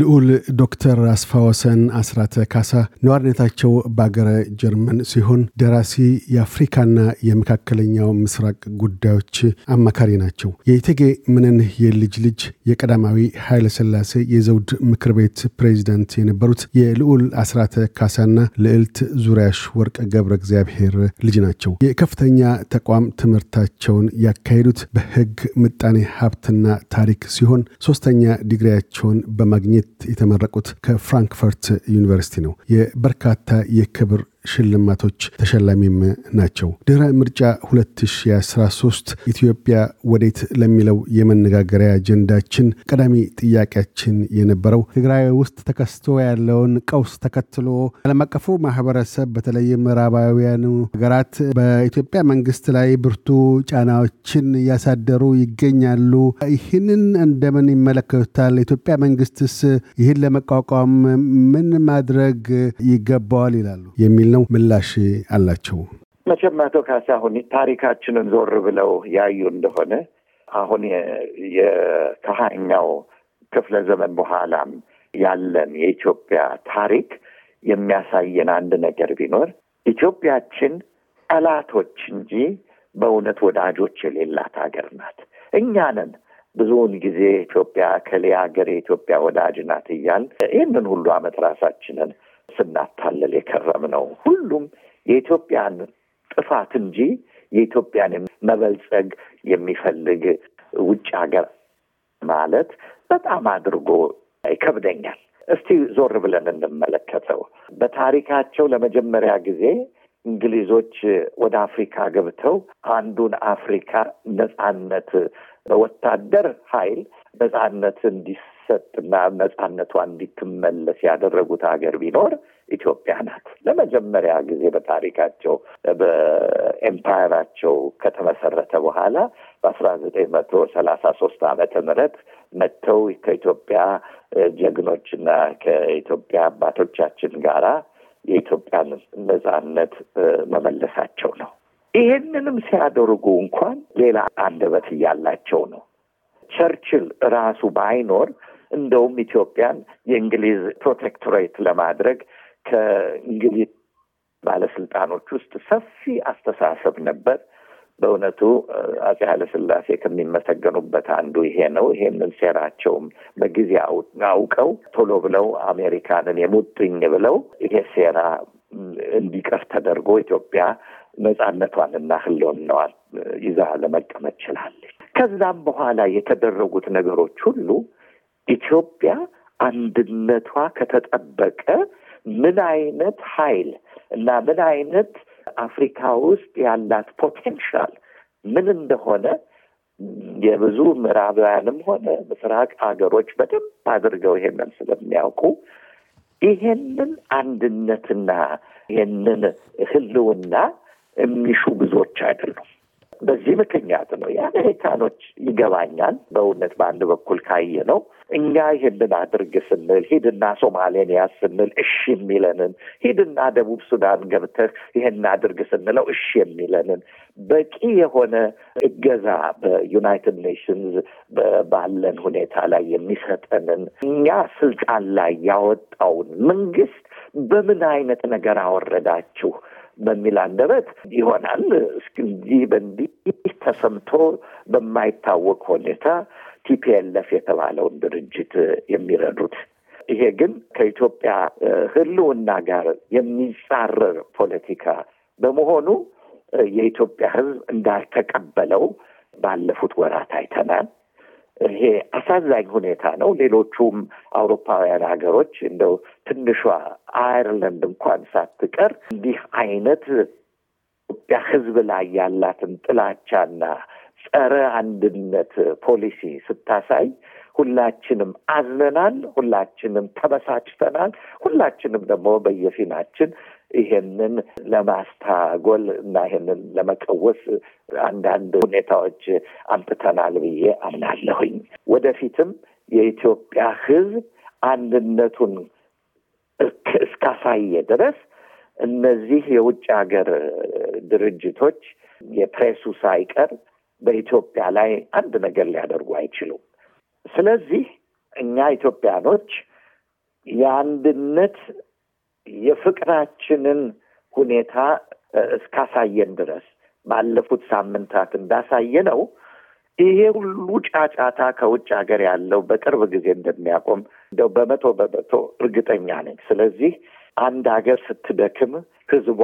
ልዑል ዶክተር አስፋወሰን አስራተ ካሳ ነዋሪነታቸው በአገረ ጀርመን ሲሆን ደራሲ፣ የአፍሪካና የመካከለኛው ምስራቅ ጉዳዮች አማካሪ ናቸው። የኢቴጌ ምንን የልጅ ልጅ የቀዳማዊ ኃይለ ስላሴ የዘውድ ምክር ቤት ፕሬዚደንት የነበሩት የልዑል አስራተ ካሳና ልዕልት ዙሪያሽ ወርቅ ገብረ እግዚአብሔር ልጅ ናቸው። የከፍተኛ ተቋም ትምህርታቸውን ያካሄዱት በህግ ምጣኔ ሀብትና ታሪክ ሲሆን ሶስተኛ ዲግሪያቸውን በማግኘት የተመረቁት ከፍራንክፈርት ዩኒቨርሲቲ ነው። የበርካታ የክብር ሽልማቶች ተሸላሚም ናቸው። ድህረ ምርጫ 2013 ኢትዮጵያ ወዴት ለሚለው የመነጋገሪያ አጀንዳችን ቀዳሚ ጥያቄያችን የነበረው ትግራይ ውስጥ ተከስቶ ያለውን ቀውስ ተከትሎ ዓለም አቀፉ ማህበረሰብ በተለይ ምዕራባውያኑ ሀገራት በኢትዮጵያ መንግስት ላይ ብርቱ ጫናዎችን እያሳደሩ ይገኛሉ። ይህንን እንደምን ይመለከቱታል? ኢትዮጵያ መንግስትስ ይህን ለመቋቋም ምን ማድረግ ይገባዋል ይላሉ የሚል ነው ምላሽ አላቸው? መቼም አቶ ካሳሁን ታሪካችንን ዞር ብለው ያዩ እንደሆነ አሁን የከሀኛው ክፍለ ዘመን በኋላም ያለን የኢትዮጵያ ታሪክ የሚያሳየን አንድ ነገር ቢኖር ኢትዮጵያችን ጠላቶች እንጂ በእውነት ወዳጆች የሌላት ሀገር ናት። እኛ ነን ብዙውን ጊዜ ኢትዮጵያ ከሌ ሀገር የኢትዮጵያ ወዳጅ ናት እያል ይህንን ሁሉ አመት ራሳችንን ስናታለል የከረም ነው። ሁሉም የኢትዮጵያን ጥፋት እንጂ የኢትዮጵያን መበልጸግ የሚፈልግ ውጭ ሀገር ማለት በጣም አድርጎ ይከብደኛል። እስቲ ዞር ብለን እንመለከተው። በታሪካቸው ለመጀመሪያ ጊዜ እንግሊዞች ወደ አፍሪካ ገብተው አንዱን አፍሪካ ነጻነት በወታደር ኃይል ነጻነት እንዲስ እንድትሰጥና ነፃነቷ እንዲትመለስ ያደረጉት ሀገር ቢኖር ኢትዮጵያ ናት። ለመጀመሪያ ጊዜ በታሪካቸው በኤምፓየራቸው ከተመሰረተ በኋላ በአስራ ዘጠኝ መቶ ሰላሳ ሶስት ዓመተ ምህረት መጥተው ከኢትዮጵያ ጀግኖችና ከኢትዮጵያ አባቶቻችን ጋራ የኢትዮጵያን ነጻነት መመለሳቸው ነው። ይህንንም ሲያደርጉ እንኳን ሌላ አንደበት እያላቸው ነው። ቸርችል ራሱ ባይኖር እንደውም ኢትዮጵያን የእንግሊዝ ፕሮቴክቶሬት ለማድረግ ከእንግሊዝ ባለስልጣኖች ውስጥ ሰፊ አስተሳሰብ ነበር። በእውነቱ አጼ ኃይለስላሴ ከሚመሰገኑበት አንዱ ይሄ ነው። ይሄንን ሴራቸውም በጊዜ አውቀው ቶሎ ብለው አሜሪካንን የሙጥኝ ብለው ይሄ ሴራ እንዲቀር ተደርጎ ኢትዮጵያ ነጻነቷንና ሕልውናዋን ይዛ ለመቀመጥ ችላለች። ከዛም በኋላ የተደረጉት ነገሮች ሁሉ ኢትዮጵያ አንድነቷ ከተጠበቀ ምን አይነት ኃይል እና ምን አይነት አፍሪካ ውስጥ ያላት ፖቴንሻል ምን እንደሆነ የብዙ ምዕራባውያንም ሆነ ምስራቅ ሀገሮች በደንብ አድርገው ይሄንን ስለሚያውቁ ይሄንን አንድነትና ይሄንን ህልውና የሚሹ ብዙዎች አይደሉም። በዚህ ምክንያት ነው የአሜሪካኖች ይገባኛል። በእውነት በአንድ በኩል ካየ ነው እኛ ይህንን አድርግ ስንል ሂድና ሶማሌን ያዝ ስንል እሺ የሚለንን ሂድና ደቡብ ሱዳን ገብተህ ይህን አድርግ ስንለው እሺ የሚለንን በቂ የሆነ እገዛ በዩናይትድ ኔሽንስ ባለን ሁኔታ ላይ የሚሰጠንን እኛ ስልጣን ላይ ያወጣውን መንግስት በምን አይነት ነገር አወረዳችሁ በሚል አንደበት ይሆናል። እንዲህ በእንዲህ ተሰምቶ በማይታወቅ ሁኔታ ቲፒኤልኤፍ የተባለውን ድርጅት የሚረዱት። ይሄ ግን ከኢትዮጵያ ሕልውና ጋር የሚጻረር ፖለቲካ በመሆኑ የኢትዮጵያ ሕዝብ እንዳልተቀበለው ባለፉት ወራት አይተናል። ይሄ አሳዛኝ ሁኔታ ነው። ሌሎቹም አውሮፓውያን ሀገሮች እንደው ትንሿ አየርላንድ እንኳን ሳትቀር እንዲህ አይነት ኢትዮጵያ ህዝብ ላይ ያላትን ጥላቻና ጸረ አንድነት ፖሊሲ ስታሳይ ሁላችንም አዝነናል፣ ሁላችንም ተበሳጭተናል፣ ሁላችንም ደግሞ በየፊናችን ይሄንን ለማስታጎል እና ይሄንን ለመቀወስ አንዳንድ ሁኔታዎች አምጥተናል ብዬ አምናለሁኝ። ወደፊትም የኢትዮጵያ ሕዝብ አንድነቱን እስካሳየ ድረስ እነዚህ የውጭ ሀገር ድርጅቶች የፕሬሱ ሳይቀር በኢትዮጵያ ላይ አንድ ነገር ሊያደርጉ አይችሉም። ስለዚህ እኛ ኢትዮጵያኖች የአንድነት የፍቅራችንን ሁኔታ እስካሳየን ድረስ ባለፉት ሳምንታት እንዳሳየ ነው። ይሄ ሁሉ ጫጫታ ከውጭ ሀገር ያለው በቅርብ ጊዜ እንደሚያቆም እንደው በመቶ በመቶ እርግጠኛ ነኝ። ስለዚህ አንድ ሀገር ስትደክም ህዝቧ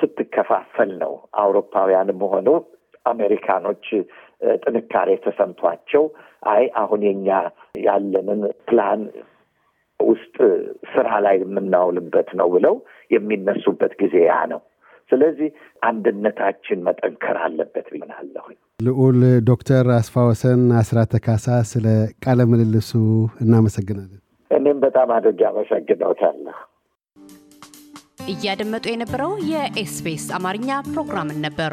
ስትከፋፈል ነው አውሮፓውያንም ሆነው አሜሪካኖች ጥንካሬ ተሰምቷቸው አይ አሁን የኛ ያለንን ፕላን ውስጥ ስራ ላይ የምናውልበት ነው ብለው የሚነሱበት ጊዜ ያ ነው። ስለዚህ አንድነታችን መጠንከር አለበት ብናለሁኝ። ልዑል ዶክተር አስፋ ወሰን አስራ ተካሳ ስለ ቃለ ምልልሱ እናመሰግናለን። እኔም በጣም አድርጌ አመሰግነውታለሁ። እያደመጡ የነበረው የኤስቢኤስ አማርኛ ፕሮግራምን ነበር።